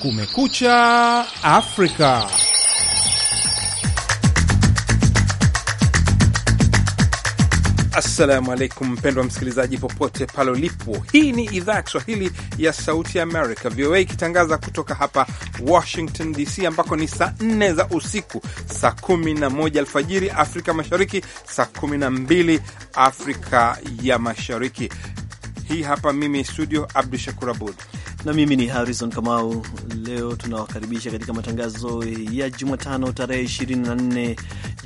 Kumekucha Afrika. Assalamu alaikum, mpendwa msikilizaji popote pale ulipo. Hii ni idhaa ya Kiswahili ya Sauti ya Amerika, VOA, ikitangaza kutoka hapa Washington DC, ambako ni saa 4 za usiku, saa moja alfajiri Afrika Mashariki, saa na mbili Afrika ya Mashariki. Hii hapa mimi studio Abdu Shakur Abud na mimi ni Harrison Kamau. Leo tunawakaribisha katika matangazo ya Jumatano tarehe 24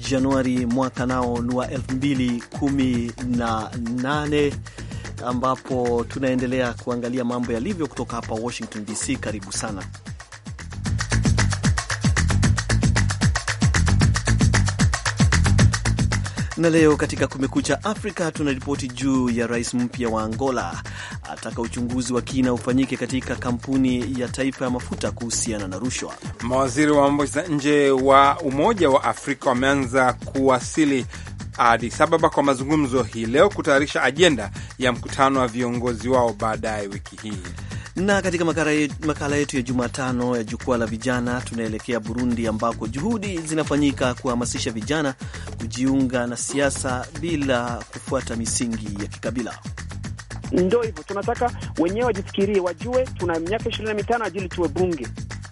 Januari mwaka nao ni wa 2018 ambapo tunaendelea kuangalia mambo yalivyo kutoka hapa Washington DC. Karibu sana. Na leo katika Kumekucha Afrika tunaripoti juu ya rais mpya wa Angola ataka uchunguzi wa kina ufanyike katika kampuni ya taifa ya mafuta kuhusiana na rushwa. Mawaziri wa mambo za nje wa Umoja wa Afrika wameanza kuwasili Addis Ababa kwa mazungumzo hii leo kutayarisha ajenda ya mkutano wa viongozi wao baadaye wiki hii. Na katika makala yetu ya Jumatano ya jukwaa la vijana, tunaelekea Burundi ambako juhudi zinafanyika kuhamasisha vijana kujiunga na siasa bila kufuata misingi ya kikabila. Ndo hivyo tunataka wenyewe wajifikirie, wajue tuna miaka ishirini na mitano ajili tuwe bunge,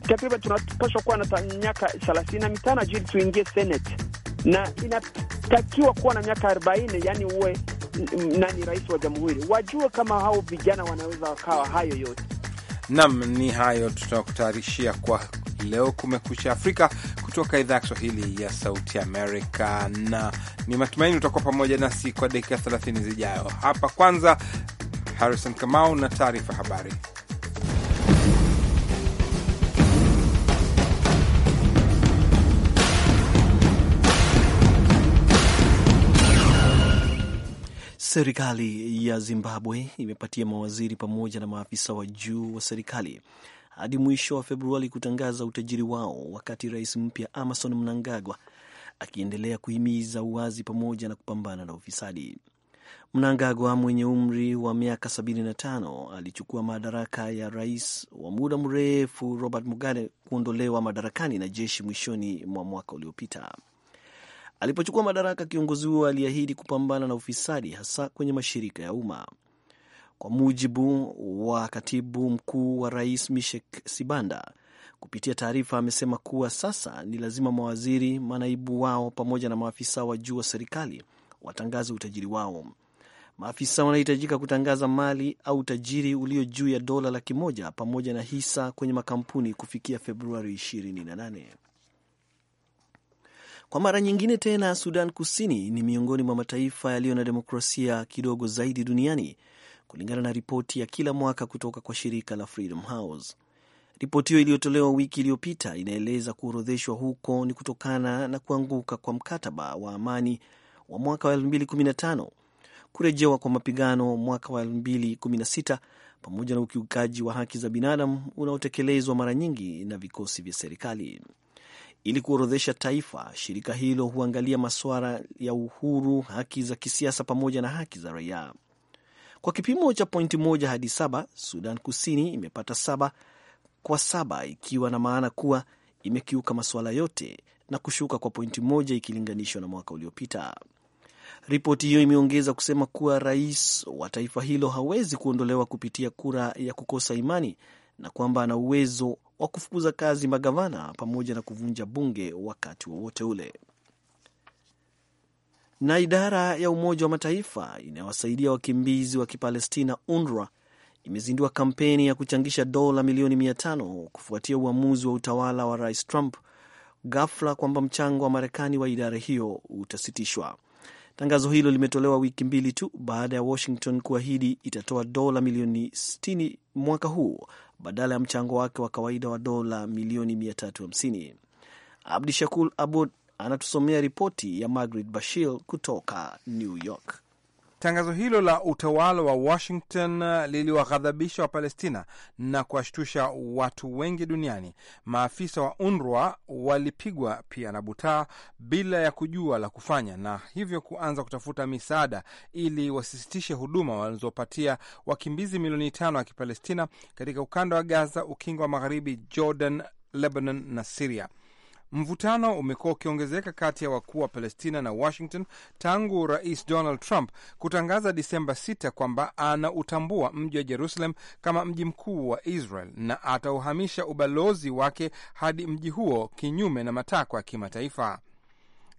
takriban tunapashwa kuwa na miaka thelathini na mitano ajili tuingie senate, na inatakiwa kuwa na miaka arobaini yani uwe nani rais wa jamhuri, wajue kama hao vijana wanaweza wakawa hayo yote. Nam, ni hayo tutakutayarishia kwa leo Kumekucha Afrika kutoka idhaa ya Kiswahili ya Sauti Amerika, na ni matumaini utakuwa pamoja nasi kwa dakika 30 zijayo. Hapa kwanza Harrison Kamau na taarifa habari. Serikali ya Zimbabwe imepatia mawaziri pamoja na maafisa wa juu wa serikali hadi mwisho wa Februari kutangaza utajiri wao, wakati rais mpya Emmerson Mnangagwa akiendelea kuhimiza uwazi pamoja na kupambana na ufisadi. Mnangagwa mwenye umri wa miaka 75 alichukua madaraka ya rais wa muda mrefu Robert Mugabe kuondolewa madarakani na jeshi mwishoni mwa mwaka uliopita. Alipochukua madaraka, kiongozi huo aliahidi kupambana na ufisadi, hasa kwenye mashirika ya umma. Kwa mujibu wa katibu mkuu wa rais Mishek Sibanda, kupitia taarifa amesema kuwa sasa ni lazima mawaziri, manaibu wao pamoja na maafisa wa juu wa serikali watangaze utajiri wao. Maafisa wanahitajika kutangaza mali au utajiri ulio juu ya dola laki moja pamoja na hisa kwenye makampuni kufikia Februari 28. Kwa mara nyingine tena, Sudan Kusini ni miongoni mwa mataifa yaliyo na demokrasia kidogo zaidi duniani kulingana na ripoti ya kila mwaka kutoka kwa shirika la Freedom House. Ripoti hiyo iliyotolewa wiki iliyopita inaeleza kuorodheshwa huko ni kutokana na kuanguka kwa mkataba wa amani wa mwaka wa 2015, kurejewa kwa mapigano mwaka wa 2016, pamoja na ukiukaji wa haki za binadamu unaotekelezwa mara nyingi na vikosi vya serikali. Ili kuorodhesha taifa, shirika hilo huangalia masuala ya uhuru, haki za kisiasa pamoja na haki za raia. Kwa kipimo cha pointi moja hadi saba, Sudan Kusini imepata saba kwa saba, ikiwa na maana kuwa imekiuka masuala yote na kushuka kwa pointi moja ikilinganishwa na mwaka uliopita. Ripoti hiyo imeongeza kusema kuwa rais wa taifa hilo hawezi kuondolewa kupitia kura ya kukosa imani na kwamba ana uwezo wa kufukuza kazi magavana pamoja na kuvunja bunge wakati wowote wa ule. Na idara ya Umoja wa Mataifa inayowasaidia wakimbizi wa Kipalestina, UNRWA, imezindua kampeni ya kuchangisha dola milioni mia tano kufuatia uamuzi wa utawala wa Rais Trump ghafla kwamba mchango wa Marekani wa idara hiyo utasitishwa. Tangazo hilo limetolewa wiki mbili tu baada ya Washington kuahidi itatoa dola milioni 60 mwaka huu badala ya mchango wake wa kawaida wa dola milioni 350. abdishakur Abud anatusomea ripoti ya Margaret Bashir kutoka New York. Tangazo hilo la utawala wa Washington uh, liliwaghadhabisha Wapalestina na kuwashtusha watu wengi duniani. Maafisa wa UNRWA walipigwa pia na butaa bila ya kujua la kufanya, na hivyo kuanza kutafuta misaada ili wasisitishe huduma walizopatia wakimbizi milioni tano wa Kipalestina katika ukanda wa Gaza, ukingo wa Magharibi, Jordan, Lebanon na Siria. Mvutano umekuwa ukiongezeka kati ya wakuu wa Palestina na Washington tangu Rais Donald Trump kutangaza Disemba 6 kwamba anautambua mji wa Jerusalem kama mji mkuu wa Israel na atauhamisha ubalozi wake hadi mji huo kinyume na matakwa ya kimataifa.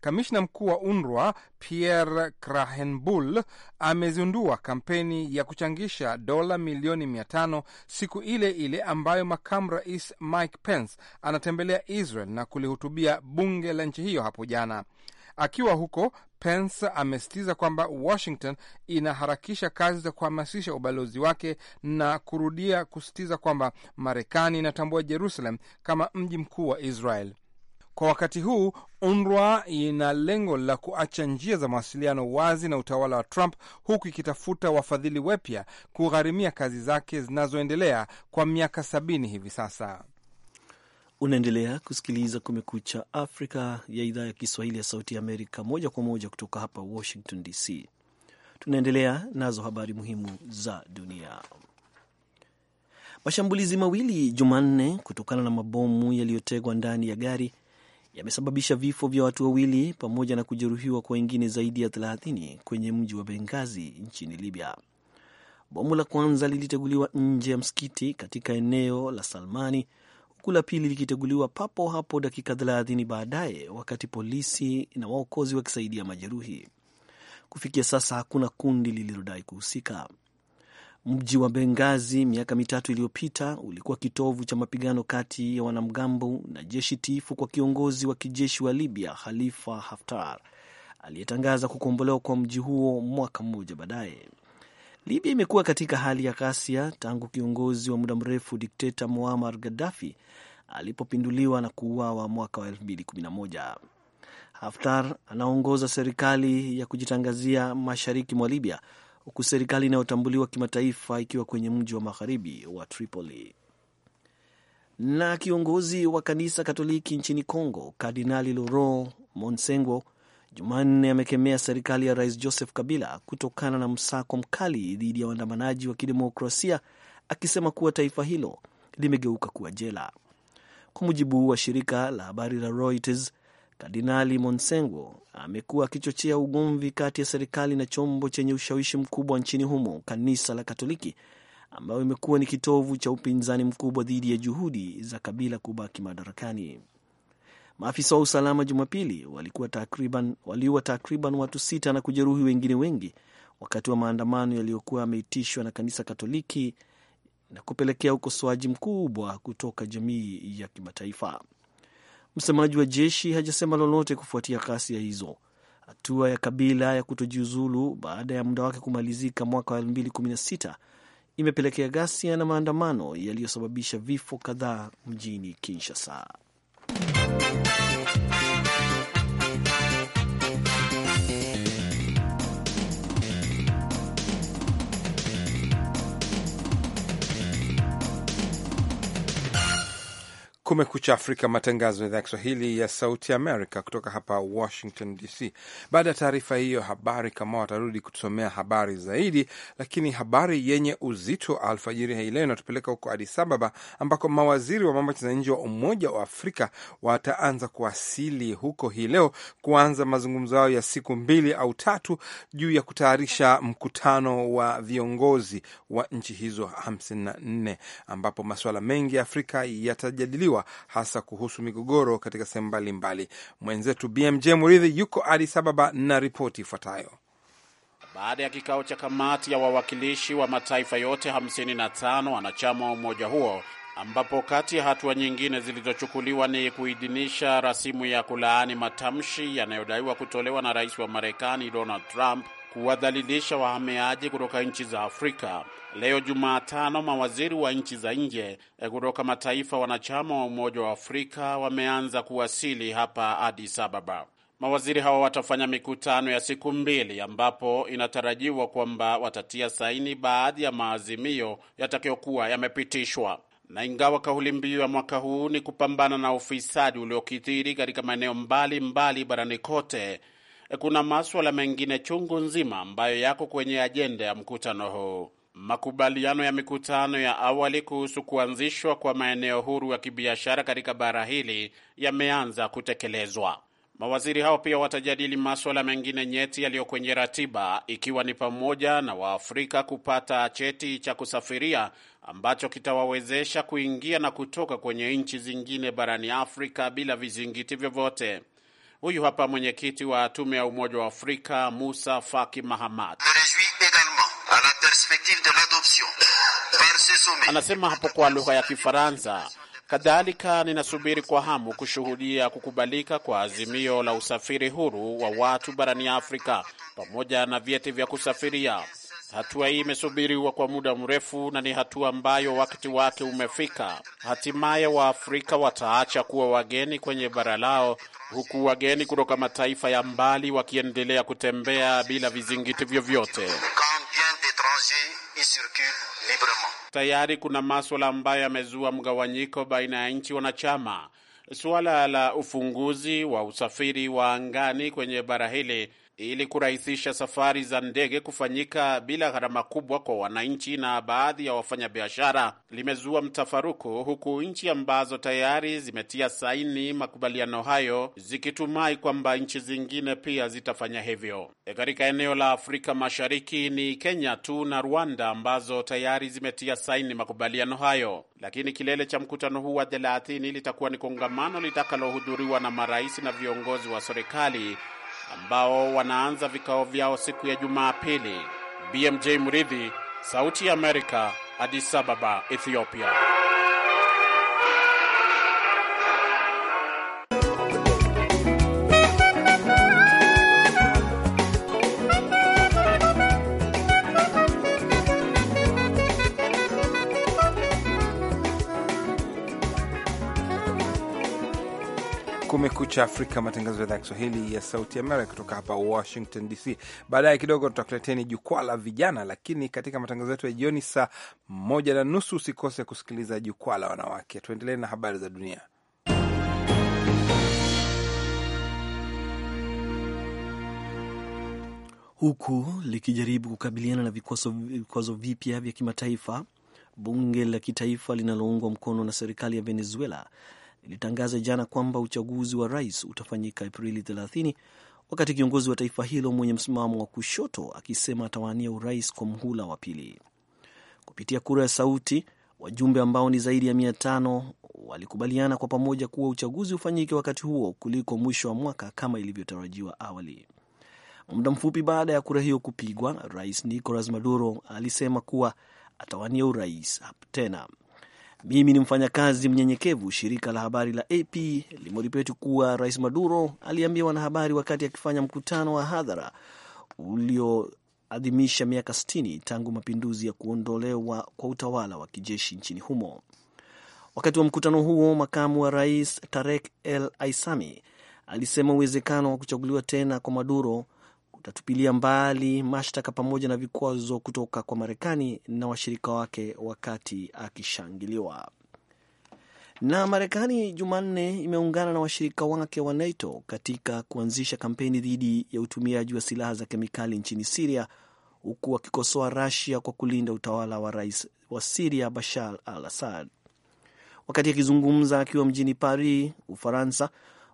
Kamishna mkuu wa UNRWA Pierre Krahenbul amezindua kampeni ya kuchangisha dola milioni mia tano siku ile ile ambayo makamu rais Mike Pence anatembelea Israel na kulihutubia bunge la nchi hiyo hapo jana. Akiwa huko Pence amesitiza kwamba Washington inaharakisha kazi za kuhamasisha ubalozi wake na kurudia kusitiza kwamba Marekani inatambua Jerusalem kama mji mkuu wa Israel. Kwa wakati huu UNRWA ina lengo la kuacha njia za mawasiliano wazi na utawala wa Trump huku ikitafuta wafadhili wapya kugharimia kazi zake zinazoendelea kwa miaka sabini hivi sasa. Unaendelea kusikiliza Kumekucha Afrika ya idhaa ya Kiswahili ya Sauti ya Amerika, moja kwa moja kutoka hapa Washington DC. Tunaendelea nazo habari muhimu za dunia. Mashambulizi mawili Jumanne kutokana na mabomu yaliyotegwa ndani ya gari yamesababisha vifo vya watu wawili pamoja na kujeruhiwa kwa wengine zaidi ya 30 kwenye mji wa Benghazi nchini Libya. Bomu la kwanza liliteguliwa nje ya msikiti katika eneo la Salmani, huku la pili likiteguliwa papo hapo dakika 30 baadaye, wakati polisi na waokozi wakisaidia majeruhi. Kufikia sasa hakuna kundi lililodai kuhusika. Mji wa Bengazi miaka mitatu iliyopita ulikuwa kitovu cha mapigano kati ya wanamgambo na jeshi tiifu kwa kiongozi wa kijeshi wa Libya Khalifa Haftar aliyetangaza kukombolewa kwa mji huo mwaka mmoja baadaye. Libya imekuwa katika hali ya ghasia tangu kiongozi wa muda mrefu dikteta Muammar Gaddafi alipopinduliwa na kuuawa mwaka wa 2011. Haftar anaongoza serikali ya kujitangazia mashariki mwa Libya huku serikali inayotambuliwa kimataifa ikiwa kwenye mji wa magharibi wa Tripoli. Na kiongozi wa kanisa Katoliki nchini congo Kardinali Laurent Monsengwo Jumanne amekemea serikali ya Rais Joseph Kabila kutokana na msako mkali dhidi ya waandamanaji wa kidemokrasia, akisema kuwa taifa hilo limegeuka kuwa jela. Kwa mujibu wa shirika la habari la Reuters, Kardinali Monsengo amekuwa akichochea ugomvi kati ya serikali na chombo chenye ushawishi mkubwa nchini humo, kanisa la Katoliki, ambayo imekuwa ni kitovu cha upinzani mkubwa dhidi ya juhudi za Kabila kubaki madarakani. Maafisa wa usalama Jumapili walikuwa takriban, waliua takriban watu sita na kujeruhi wengine wengi wakati wa maandamano yaliyokuwa yameitishwa na kanisa Katoliki na kupelekea ukosoaji mkubwa kutoka jamii ya kimataifa. Msemaji wa jeshi hajasema lolote kufuatia ghasia hizo. Hatua ya Kabila ya kutojiuzulu baada ya muda wake kumalizika mwaka wa 2016 imepelekea ghasia na maandamano yaliyosababisha vifo kadhaa mjini Kinshasa. Kumekucha Afrika, matangazo ya idhaa ya Kiswahili ya Sauti Amerika kutoka hapa Washington DC. Baada ya taarifa hiyo habari, kama watarudi kutusomea habari zaidi, lakini habari yenye uzito alfajiri hii leo inatupeleka huko Addis Ababa ambako mawaziri wa mambo ya nje wa Umoja wa Afrika wataanza kuwasili huko hii leo kuanza mazungumzo yao ya siku mbili au tatu juu ya kutayarisha mkutano wa viongozi wa nchi hizo 54 ambapo masuala mengi ya Afrika yatajadiliwa hasa kuhusu migogoro katika sehemu mbalimbali. Mwenzetu BMJ Muridhi yuko Addis Ababa na ripoti ifuatayo. Baada ya kikao cha kamati ya wawakilishi wa mataifa yote 55 wanachama wa umoja huo ambapo kati ya hatua nyingine zilizochukuliwa ni kuidhinisha rasimu ya kulaani matamshi yanayodaiwa kutolewa na rais wa Marekani Donald Trump kuwadhalilisha wahamiaji kutoka nchi za Afrika. Leo Jumatano, mawaziri wa nchi za nje eh, kutoka mataifa wanachama wa Umoja wa Afrika wameanza kuwasili hapa Addis Ababa. Mawaziri hawa watafanya mikutano ya siku mbili ambapo inatarajiwa kwamba watatia saini baadhi ya maazimio yatakayokuwa yamepitishwa. Na ingawa kauli mbiu ya mwaka huu ni kupambana na ufisadi uliokithiri katika maeneo mbalimbali barani kote, kuna maswala mengine chungu nzima ambayo yako kwenye ajenda ya mkutano huu. Makubaliano ya mikutano ya awali kuhusu kuanzishwa kwa maeneo huru ya kibiashara katika bara hili yameanza kutekelezwa. Mawaziri hao pia watajadili maswala mengine nyeti yaliyo kwenye ratiba, ikiwa ni pamoja na Waafrika kupata cheti cha kusafiria ambacho kitawawezesha kuingia na kutoka kwenye nchi zingine barani Afrika bila vizingiti vyovyote. Huyu hapa mwenyekiti wa tume ya Umoja wa Afrika Musa Faki Mahamat anasema hapo kwa lugha ya Kifaransa. Kadhalika, ninasubiri kwa hamu kushuhudia kukubalika kwa azimio la usafiri huru wa watu barani Afrika pamoja na vyeti vya kusafiria. Hatua hii imesubiriwa kwa muda mrefu na ni hatua ambayo wakati wake umefika. Hatimaye Waafrika wataacha kuwa wageni kwenye bara lao, huku wageni kutoka mataifa ya mbali wakiendelea kutembea bila vizingiti vyovyote. Tayari kuna maswala ambayo yamezua mgawanyiko baina ya nchi wanachama. Suala la ufunguzi wa usafiri wa angani kwenye bara hili ili kurahisisha safari za ndege kufanyika bila gharama kubwa kwa wananchi na baadhi ya wafanyabiashara, limezua mtafaruku, huku nchi ambazo tayari zimetia saini makubaliano hayo zikitumai kwamba nchi zingine pia zitafanya hivyo. E, katika eneo la Afrika Mashariki ni Kenya tu na Rwanda ambazo tayari zimetia saini makubaliano hayo, lakini kilele cha mkutano huu wa 30 litakuwa ni kongamano litakalohudhuriwa na marais na viongozi wa serikali ambao wanaanza vikao vyao siku ya Jumapili. BMJ Muridhi, Sauti ya Amerika, Addis Ababa, Ethiopia. Kumekucha Afrika, matangazo ya idhaa ya Kiswahili ya Sauti Amerika kutoka hapa Washington DC. Baadaye kidogo tutakuleteni jukwaa la vijana, lakini katika matangazo yetu ya jioni saa moja na nusu usikose kusikiliza jukwaa la wanawake. Tuendelee na habari za dunia. Huku likijaribu kukabiliana na vikwazo vipya vya kimataifa, bunge la kitaifa linaloungwa mkono na serikali ya Venezuela ilitangaza jana kwamba uchaguzi wa rais utafanyika Aprili 30 wakati kiongozi wa taifa hilo mwenye msimamo wa kushoto akisema atawania urais kwa mhula wa pili. Kupitia kura ya sauti, wajumbe ambao ni zaidi ya mia tano walikubaliana kwa pamoja kuwa uchaguzi ufanyike wakati huo kuliko mwisho wa mwaka kama ilivyotarajiwa awali. Muda mfupi baada ya kura hiyo kupigwa, rais Nicolas Maduro alisema kuwa atawania urais tena. Mimi ni mfanyakazi mnyenyekevu. Shirika la habari la AP limeripoti kuwa Rais Maduro aliambia wanahabari wakati akifanya mkutano wa hadhara ulioadhimisha miaka 60 tangu mapinduzi ya kuondolewa kwa utawala wa kijeshi nchini humo. Wakati wa mkutano huo, makamu wa rais Tarek El Aisami alisema uwezekano wa kuchaguliwa tena kwa Maduro utatupilia mbali mashtaka pamoja na vikwazo kutoka kwa Marekani na washirika wake, wakati akishangiliwa na Marekani Jumanne imeungana na washirika wake wa NATO katika kuanzisha kampeni dhidi ya utumiaji wa silaha za kemikali nchini Siria, huku wakikosoa Rasia kwa kulinda utawala wa rais wa Siria Bashar al Assad. Wakati akizungumza akiwa mjini Paris, Ufaransa,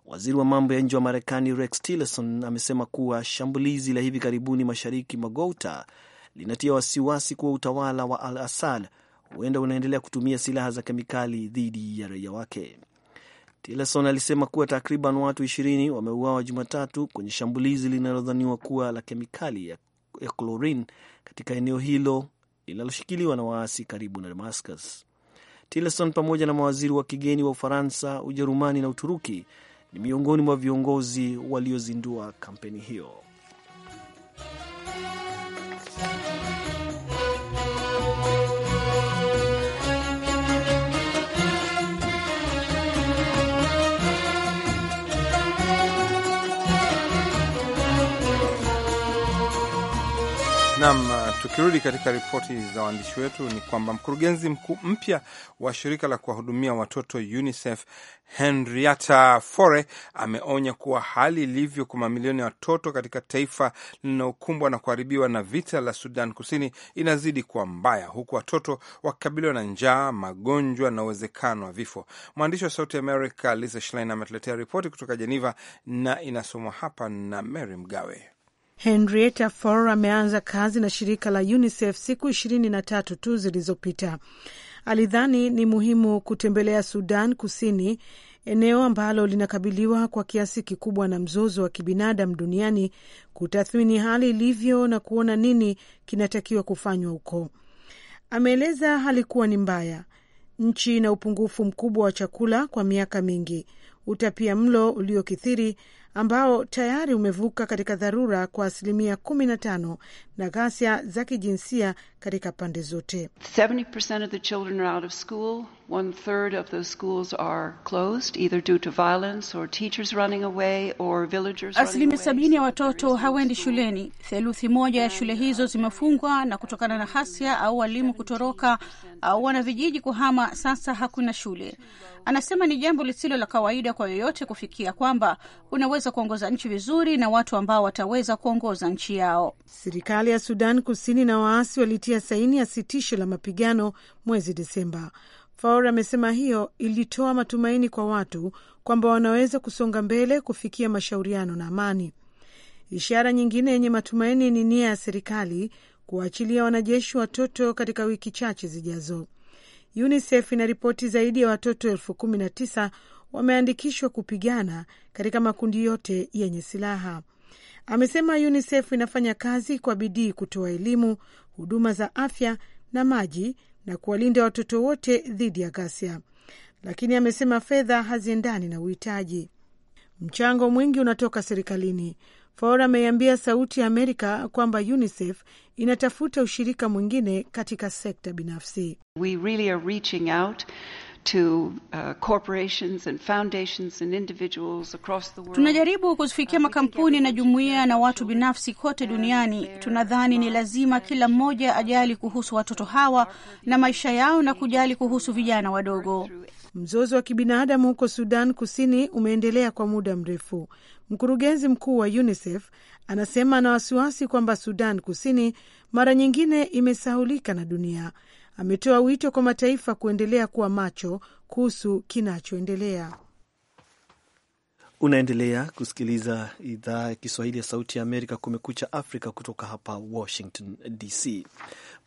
Waziri wa mambo ya nje wa Marekani Rex Tillerson amesema kuwa shambulizi la hivi karibuni mashariki mwa Ghouta linatia wasiwasi kuwa utawala wa Al Assad huenda unaendelea kutumia silaha za kemikali dhidi ya raia wake. Tillerson alisema kuwa takriban watu ishirini wameuawa Jumatatu kwenye shambulizi linalodhaniwa kuwa la kemikali ya chlorine katika eneo hilo linaloshikiliwa na waasi karibu na Damascus. Tillerson pamoja na mawaziri wa kigeni wa Ufaransa, Ujerumani na Uturuki ni miongoni mwa viongozi waliozindua kampeni hiyo. Nam, uh, tukirudi katika ripoti za waandishi wetu ni kwamba mkurugenzi mkuu mpya wa shirika la kuwahudumia watoto UNICEF Henrietta Fore ameonya kuwa hali ilivyo kwa mamilioni ya watoto katika taifa linalokumbwa na kuharibiwa na vita la Sudan Kusini inazidi kuwa mbaya, huku watoto wakikabiliwa na njaa, magonjwa na uwezekano wa vifo. Mwandishi wa Sauti America Lisa Schlein ametuletea ripoti kutoka Jeneva na inasomwa hapa na Mary Mgawe. Henrietta Fore ameanza kazi na shirika la UNICEF siku ishirini na tatu tu zilizopita. Alidhani ni muhimu kutembelea Sudan Kusini, eneo ambalo linakabiliwa kwa kiasi kikubwa na mzozo wa kibinadamu duniani, kutathmini hali ilivyo na kuona nini kinatakiwa kufanywa huko. Ameeleza hali kuwa ni mbaya, nchi ina upungufu mkubwa wa chakula kwa miaka mingi, utapia mlo uliokithiri ambao tayari umevuka katika dharura kwa asilimia 15 na ghasia za kijinsia katika pande zote. 70% of the children are out of school one third of the schools are closed either due to violence or teachers running away or villagers. Asilimia sabini ya watoto hawaendi shuleni. Theluthi moja ya shule uh, hizo zimefungwa na kutokana na hasia au walimu kutoroka au wanavijiji kuhama. Sasa hakuna shule. Anasema ni jambo lisilo la kawaida kwa yoyote kufikia kwamba unaweza kuongoza nchi vizuri na watu ambao wataweza kuongoza nchi yao. Serikali ya Sudan Kusini na waasi walitia saini ya sitisho la mapigano mwezi Desemba. Faure amesema hiyo ilitoa matumaini kwa watu kwamba wanaweza kusonga mbele kufikia mashauriano na amani. Ishara nyingine yenye matumaini ni nia ya serikali kuwaachilia wanajeshi watoto katika wiki chache zijazo. UNICEF inaripoti zaidi ya watoto elfu kumi na tisa wameandikishwa kupigana katika makundi yote yenye silaha. Amesema UNICEF inafanya kazi kwa bidii kutoa elimu, huduma za afya na maji na kuwalinda watoto wote dhidi ya ghasia, lakini amesema fedha haziendani na uhitaji. Mchango mwingi unatoka serikalini. Fora ameiambia Sauti ya Amerika kwamba UNICEF inatafuta ushirika mwingine katika sekta binafsi. We really are reaching out to, uh, corporations and foundations and individuals across the world. Tunajaribu kuzifikia uh, makampuni na jumuiya na watu binafsi kote duniani. Tunadhani ni lazima kila mmoja ajali kuhusu watoto hawa na maisha yao na kujali kuhusu vijana wadogo. Mzozo wa kibinadamu huko Sudan Kusini umeendelea kwa muda mrefu. Mkurugenzi mkuu wa UNICEF anasema ana wasiwasi kwamba Sudan Kusini mara nyingine imesahulika na dunia ametoa wito kwa mataifa kuendelea kuwa macho kuhusu kinachoendelea. Unaendelea kusikiliza idhaa ya Kiswahili ya Sauti ya Amerika, Kumekucha Afrika, kutoka hapa Washington DC.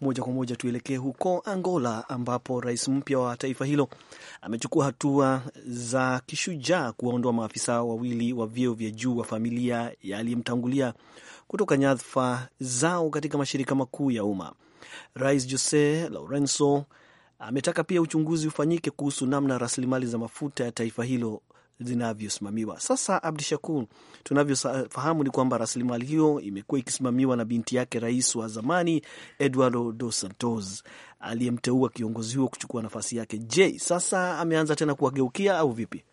Moja kwa moja tuelekee huko Angola, ambapo rais mpya wa taifa hilo amechukua hatua za kishujaa kuwaondoa maafisa wawili wa vyeo vya juu wa familia yaliyemtangulia kutoka nyadhifa zao katika mashirika makuu ya umma. Rais Jose Laurenso ametaka pia uchunguzi ufanyike kuhusu namna rasilimali za mafuta ya taifa hilo zinavyosimamiwa. Sasa Abdi Shakur, tunavyofahamu ni kwamba rasilimali hiyo imekuwa ikisimamiwa na binti yake rais wa zamani Eduardo Dos Santos aliyemteua kiongozi huo kuchukua nafasi yake. Je, sasa ameanza tena kuwageukia au vipi?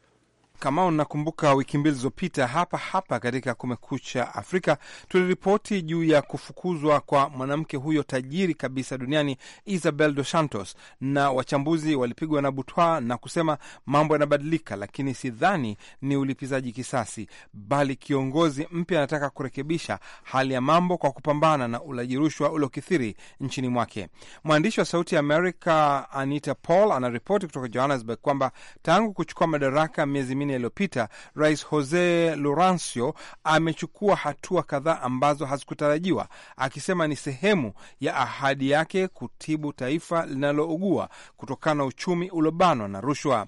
Kama unakumbuka wiki mbili zilizopita, hapa hapa katika Kumekucha Afrika tuliripoti juu ya kufukuzwa kwa mwanamke huyo tajiri kabisa duniani Isabel Dos Santos, na wachambuzi walipigwa na butwa na kusema mambo yanabadilika, lakini sidhani ni ulipizaji kisasi, bali kiongozi mpya anataka kurekebisha hali ya mambo kwa kupambana na ulaji rushwa uliokithiri nchini mwake. Mwandishi wa Sauti ya Amerika Anita Paul anaripoti kutoka Johannesburg kwamba tangu kuchukua madaraka miezi Jumanne iliyopita, Rais Jose Lourenco amechukua hatua kadhaa ambazo hazikutarajiwa, akisema ni sehemu ya ahadi yake kutibu taifa linalougua kutokana na uchumi uliobanwa na rushwa.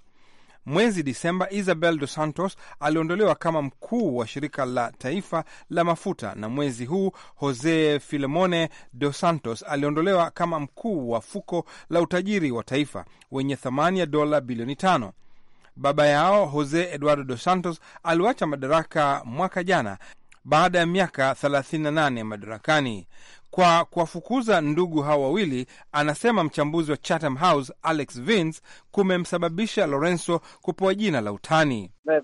Mwezi Disemba, Isabel Dos Santos aliondolewa kama mkuu wa shirika la taifa la mafuta, na mwezi huu Jose Filemone Dos Santos aliondolewa kama mkuu wa fuko la utajiri wa taifa wenye thamani ya dola bilioni tano. Baba yao Jose Eduardo Dos Santos aliwacha madaraka mwaka jana baada ya miaka 38 madarakani kwa kuwafukuza ndugu hawa wawili, anasema mchambuzi wa Chatham House Alex Vince, kumemsababisha Lorenzo kupewa jina la utani. Uh,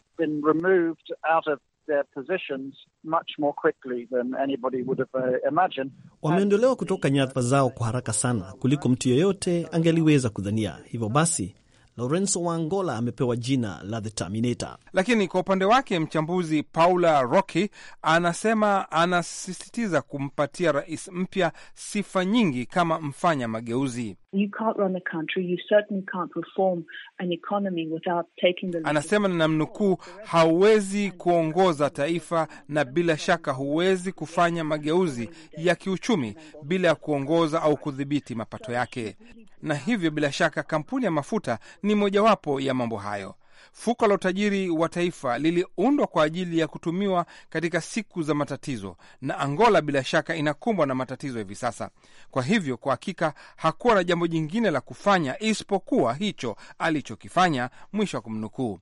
Wameondolewa kutoka nyadhifa zao kwa haraka sana kuliko mtu yeyote angeliweza kudhania. Hivyo basi Lorenzo angola amepewa jina la The Terminator. Lakini kwa upande wake mchambuzi Paula Rocky anasema anasisitiza kumpatia rais mpya sifa nyingi kama mfanya mageuzi. Anasema na namnukuu, hauwezi kuongoza taifa na bila shaka huwezi kufanya mageuzi ya kiuchumi bila ya kuongoza au kudhibiti mapato yake, na hivyo bila shaka kampuni ya mafuta ni mojawapo ya mambo hayo. Fuko la utajiri wa taifa liliundwa kwa ajili ya kutumiwa katika siku za matatizo, na Angola bila shaka inakumbwa na matatizo hivi sasa. Kwa hivyo, kwa hakika hakuwa na jambo jingine la kufanya isipokuwa hicho alichokifanya, mwisho wa kumnukuu.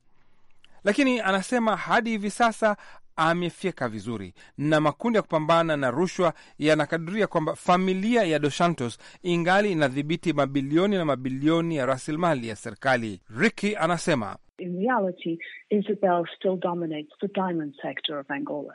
Lakini anasema hadi hivi sasa amefyeka vizuri, na makundi ya kupambana na rushwa yanakadiria kwamba familia ya Dos Santos ingali inadhibiti mabilioni na mabilioni ya rasilimali ya serikali. Ricky anasema In reality, Isabel still dominates the diamond sector of Angola.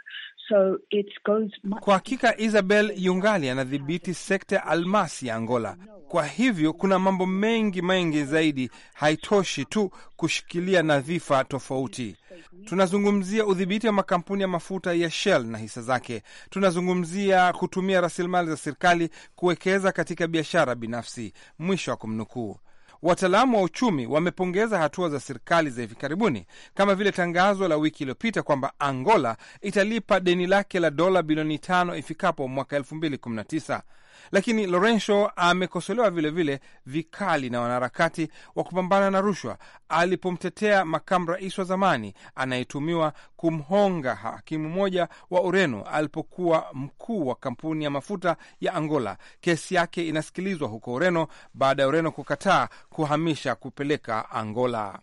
So it goes... Kwa hakika Isabel yungali anadhibiti sekta ya almasi ya Angola. Kwa hivyo kuna mambo mengi mengi zaidi, haitoshi tu kushikilia nadhifa tofauti. Tunazungumzia udhibiti wa makampuni ya mafuta ya Shell na hisa zake. Tunazungumzia kutumia rasilimali za serikali kuwekeza katika biashara binafsi. Mwisho wa kumnukuu. Wataalamu wa uchumi wamepongeza hatua za serikali za hivi karibuni kama vile tangazo la wiki iliyopita kwamba Angola italipa deni lake la dola bilioni tano ifikapo mwaka 2019. Lakini Lorenzo amekosolewa vilevile vikali na wanaharakati wa kupambana na rushwa alipomtetea makamu rais wa zamani anayetumiwa kumhonga hakimu mmoja wa Ureno alipokuwa mkuu wa kampuni ya mafuta ya Angola. Kesi yake inasikilizwa huko Ureno baada ya Ureno kukataa kuhamisha kupeleka Angola.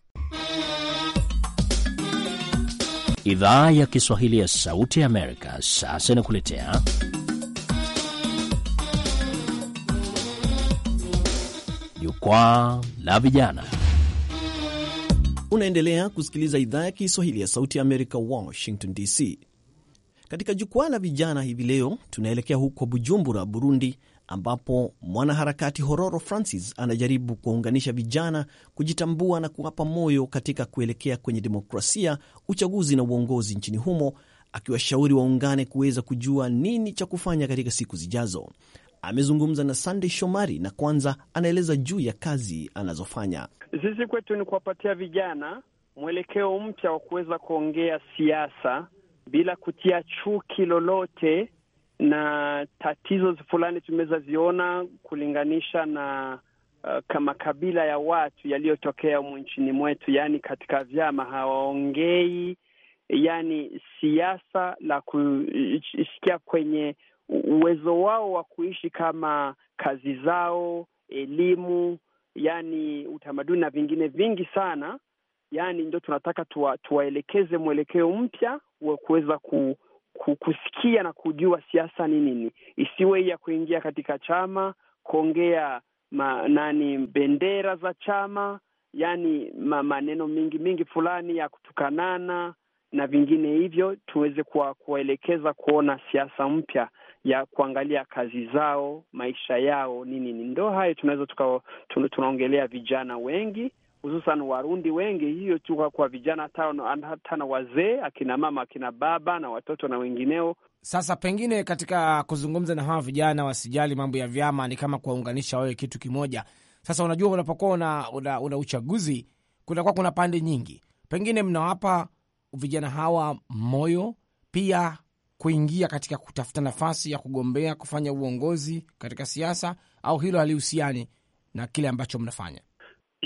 Idhaa ya Kiswahili ya Sauti ya Amerika sasa inakuletea Jukwaa la Vijana. Unaendelea kusikiliza idhaa ya Kiswahili ya Sauti ya Amerika, Washington DC. Katika Jukwaa la Vijana hivi leo tunaelekea huko Bujumbura, Burundi, ambapo mwanaharakati Hororo Francis anajaribu kuwaunganisha vijana kujitambua na kuwapa moyo katika kuelekea kwenye demokrasia, uchaguzi na uongozi nchini humo, akiwashauri waungane kuweza kujua nini cha kufanya katika siku zijazo amezungumza na sandey Shomari na kwanza anaeleza juu ya kazi anazofanya. Sisi kwetu ni kuwapatia vijana mwelekeo mpya wa kuweza kuongea siasa bila kutia chuki lolote na tatizo fulani tumewezaziona kulinganisha na uh, kama ya watu yaliyotokea humu nchini mwetu, yaani katika vyama hawaongei, yaani siasa la kusikia kwenye uwezo wao wa kuishi kama kazi zao, elimu, yani utamaduni na vingine vingi sana, yani ndio tunataka tuwa, tuwaelekeze mwelekeo mpya wa kuweza ku, kusikia na kujua siasa ni nini, isiwe ya kuingia katika chama kuongea ma, nani bendera za chama yani ma, maneno mingi mingi fulani ya kutukanana na vingine hivyo, tuweze kuwaelekeza kuona siasa mpya ya kuangalia kazi zao, maisha yao ni nini. Ndo hayo tunaweza tunaongelea vijana wengi hususan Warundi wengi, hiyo tu kwa vijana hata na wazee, akina mama, akina baba na watoto na wengineo. Sasa pengine katika kuzungumza na hawa vijana wasijali mambo ya vyama, ni kama kuwaunganisha wewe kitu kimoja. Sasa unajua, unapokuwa una, una, una uchaguzi kunakuwa kuna pande nyingi, pengine mnawapa vijana hawa moyo pia kuingia katika kutafuta nafasi ya kugombea kufanya uongozi katika siasa, au hilo halihusiani na kile ambacho mnafanya?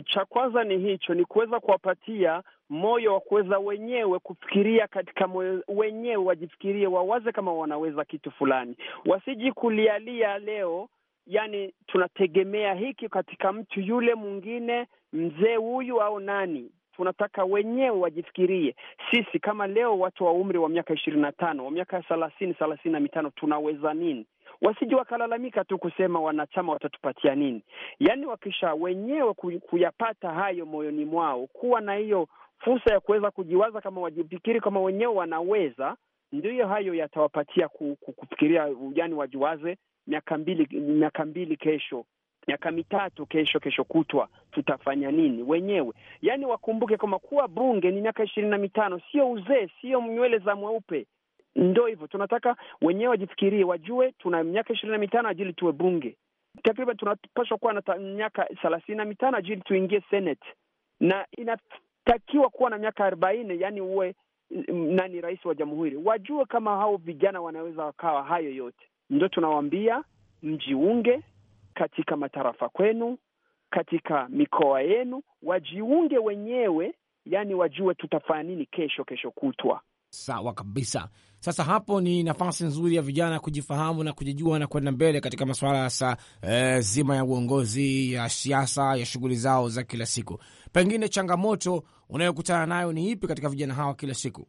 Cha kwanza ni hicho, ni kuweza kuwapatia moyo wa kuweza wenyewe kufikiria katika wenyewe wajifikirie, wawaze kama wanaweza kitu fulani, wasiji kulialia leo Yani, tunategemea hiki katika mtu yule mwingine, mzee huyu au nani tunataka wenyewe wajifikirie. Sisi kama leo watu wa umri wa miaka ishirini na tano wa miaka thelathini thelathini na mitano tunaweza nini? Wasije wakalalamika tu kusema wanachama watatupatia nini. Yaani wakisha wenyewe kuyapata hayo moyoni mwao, kuwa na hiyo fursa ya kuweza kujiwaza, kama wajifikiri kama wenyewe wanaweza, ndiyo hayo yatawapatia kufikiria, yani wajiwaze miaka mbili miaka mbili kesho miaka mitatu, kesho kesho kutwa tutafanya nini wenyewe? Yaani wakumbuke kwamba kuwa bunge ni miaka ishirini na mitano, sio uzee, sio nywele za mweupe. Ndo hivyo tunataka wenyewe wajifikirie, wajue tuna miaka ishirini na mitano ajili tuwe bunge, takriban tunapashwa kuwa na miaka thelathini na mitano ajili tuingie Senate, na inatakiwa kuwa na miaka arobaini, yani uwe nani rais wa jamhuri. Wajue kama hao vijana wanaweza wakawa hayo yote. Ndo tunawaambia mjiunge katika matarafa kwenu, katika mikoa yenu, wajiunge wenyewe, yani wajue tutafanya nini kesho, kesho kutwa. Sawa kabisa. Sasa hapo ni nafasi nzuri ya vijana kujifahamu na kujijua na kwenda mbele katika masuala sa e, eh, zima ya uongozi, ya siasa, ya shughuli zao za kila siku. Pengine changamoto unayokutana nayo ni ipi katika vijana hawa kila siku?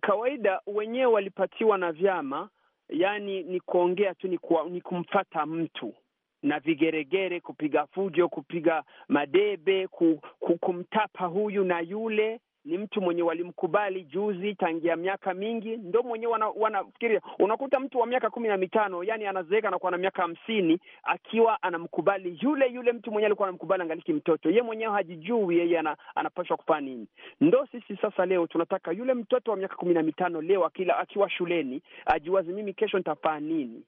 Kawaida wenyewe walipatiwa na vyama yani ni kuongea tu, ni, ni kumfata mtu na vigeregere, kupiga fujo, kupiga madebe, ku, ku, kumtapa huyu na yule ni mtu mwenye walimkubali juzi tangia miaka mingi, ndo mwenyewe wana, wanafikiria. Unakuta mtu wa miaka kumi na mitano yani anazeeka na kuwa na miaka hamsini akiwa anamkubali yule yule mtu mwenyewe alikuwa anamkubali angaliki mtoto, ye mwenyewe hajijui yeye ana, anapashwa kufanya nini. Ndo sisi sasa leo tunataka yule mtoto wa miaka kumi na mitano leo akila, akiwa shuleni ajiwazi, mimi kesho nitafaa nini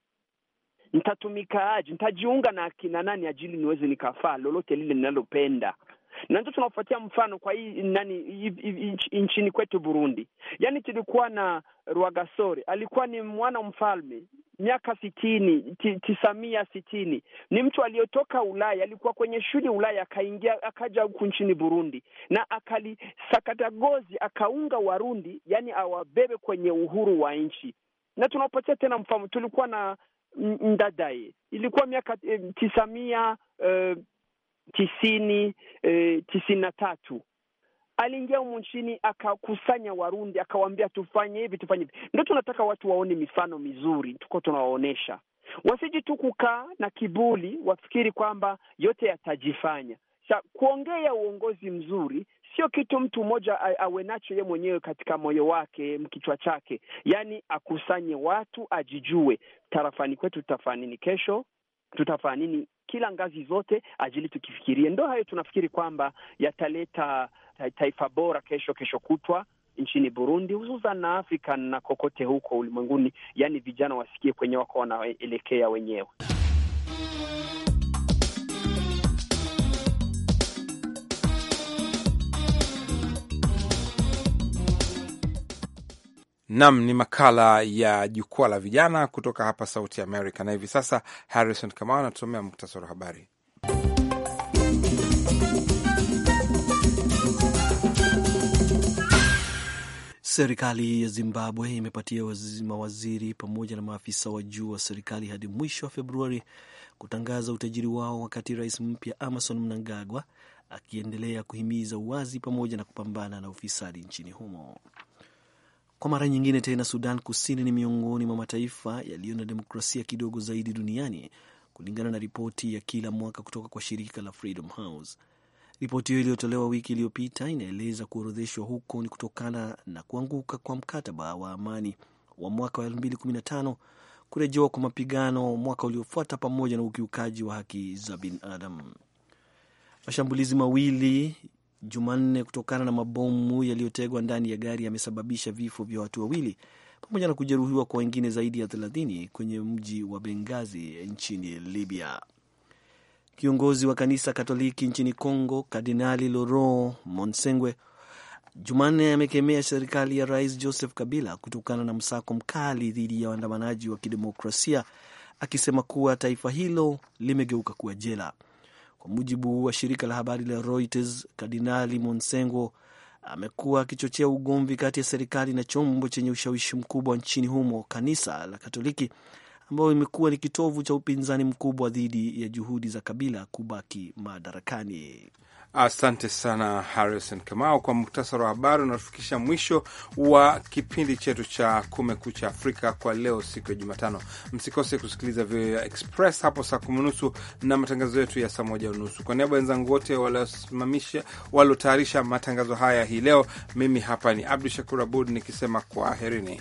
nitatumikaaje? Nitajiunga na akina nani ajili niweze nikafaa lolote lile ninalopenda na ndio tunafuatia mfano kwa hii nani nchini kwetu Burundi. yani tulikuwa na Rwagasore, alikuwa ni mwana mfalme miaka sitini tisamia sitini ni mtu aliyotoka Ulaya, alikuwa kwenye shule Ulaya, akaingia akaja huku nchini Burundi na akalisakata gozi akaunga Warundi, yani awabebe kwenye uhuru wa nchi. Na tunapatia tena mfano, tulikuwa na Ndadaye, ilikuwa miaka eh, tisamia eh, tisini e, tisini na tatu aliingia humu nchini akakusanya Warundi akawaambia tufanye hivi tufanye hivi. Ndo tunataka watu waone mifano mizuri, tuko tunawaonyesha, wasiji tu kukaa na kibuli wafikiri kwamba yote yatajifanya. Sa kuongea uongozi mzuri sio kitu mtu mmoja awe nacho ye mwenyewe katika moyo wake mkichwa chake, yaani akusanye watu, ajijue tarafani kwetu tutafanya nini kesho, tutafanya nini kila ngazi zote ajili tukifikirie. Ndo hayo tunafikiri kwamba yataleta taifa bora kesho, kesho kutwa nchini Burundi, hususan na Afrika na kokote huko ulimwenguni, yaani vijana wasikie kwenye wako wanaelekea wenyewe. Nam ni makala ya jukwaa la vijana kutoka hapa Sauti Amerika, na hivi sasa Harrison Kamau anatusomea muktasari wa habari. Serikali ya Zimbabwe imepatia mawaziri pamoja na maafisa wa juu wa serikali hadi mwisho wa Februari kutangaza utajiri wao, wakati rais mpya Emmerson Mnangagwa akiendelea kuhimiza uwazi pamoja na kupambana na ufisadi nchini humo. Kwa mara nyingine tena, Sudan Kusini ni miongoni mwa mataifa yaliyo na demokrasia kidogo zaidi duniani kulingana na ripoti ya kila mwaka kutoka kwa shirika la Freedom House. Ripoti hiyo iliyotolewa wiki iliyopita inaeleza kuorodheshwa huko ni kutokana na kuanguka kwa mkataba wa amani wa mwaka wa 2015, kurejewa kwa mapigano mwaka uliofuata, pamoja na ukiukaji wa haki za binadamu. Mashambulizi mawili Jumanne kutokana na mabomu yaliyotegwa ndani ya gari yamesababisha vifo vya watu wawili pamoja na kujeruhiwa kwa wengine zaidi ya thelathini kwenye mji wa Bengazi nchini Libya. Kiongozi wa kanisa Katoliki nchini Congo, Kardinali loro Monsengwe, Jumanne amekemea serikali ya Rais Joseph Kabila kutokana na msako mkali dhidi ya waandamanaji wa kidemokrasia, akisema kuwa taifa hilo limegeuka kuwa jela. Kwa mujibu wa shirika la habari la Reuters, Kardinali Monsengo amekuwa akichochea ugomvi kati ya serikali na chombo chenye ushawishi mkubwa nchini humo, kanisa la Katoliki, ambayo imekuwa ni kitovu cha upinzani mkubwa dhidi ya juhudi za Kabila kubaki madarakani. Asante sana Harrison Kamau kwa muktasari wa habari. unafikisha mwisho wa kipindi chetu cha Kumekucha Afrika kwa leo, siku ya Jumatano. Msikose kusikiliza VOA Express hapo saa kumi unusu na matangazo yetu ya saa moja unusu. Kwa niaba ya wenzangu wote waliosimamisha, waliotayarisha matangazo haya hii leo, mimi hapa ni Abdu Shakur Abud nikisema kwa herini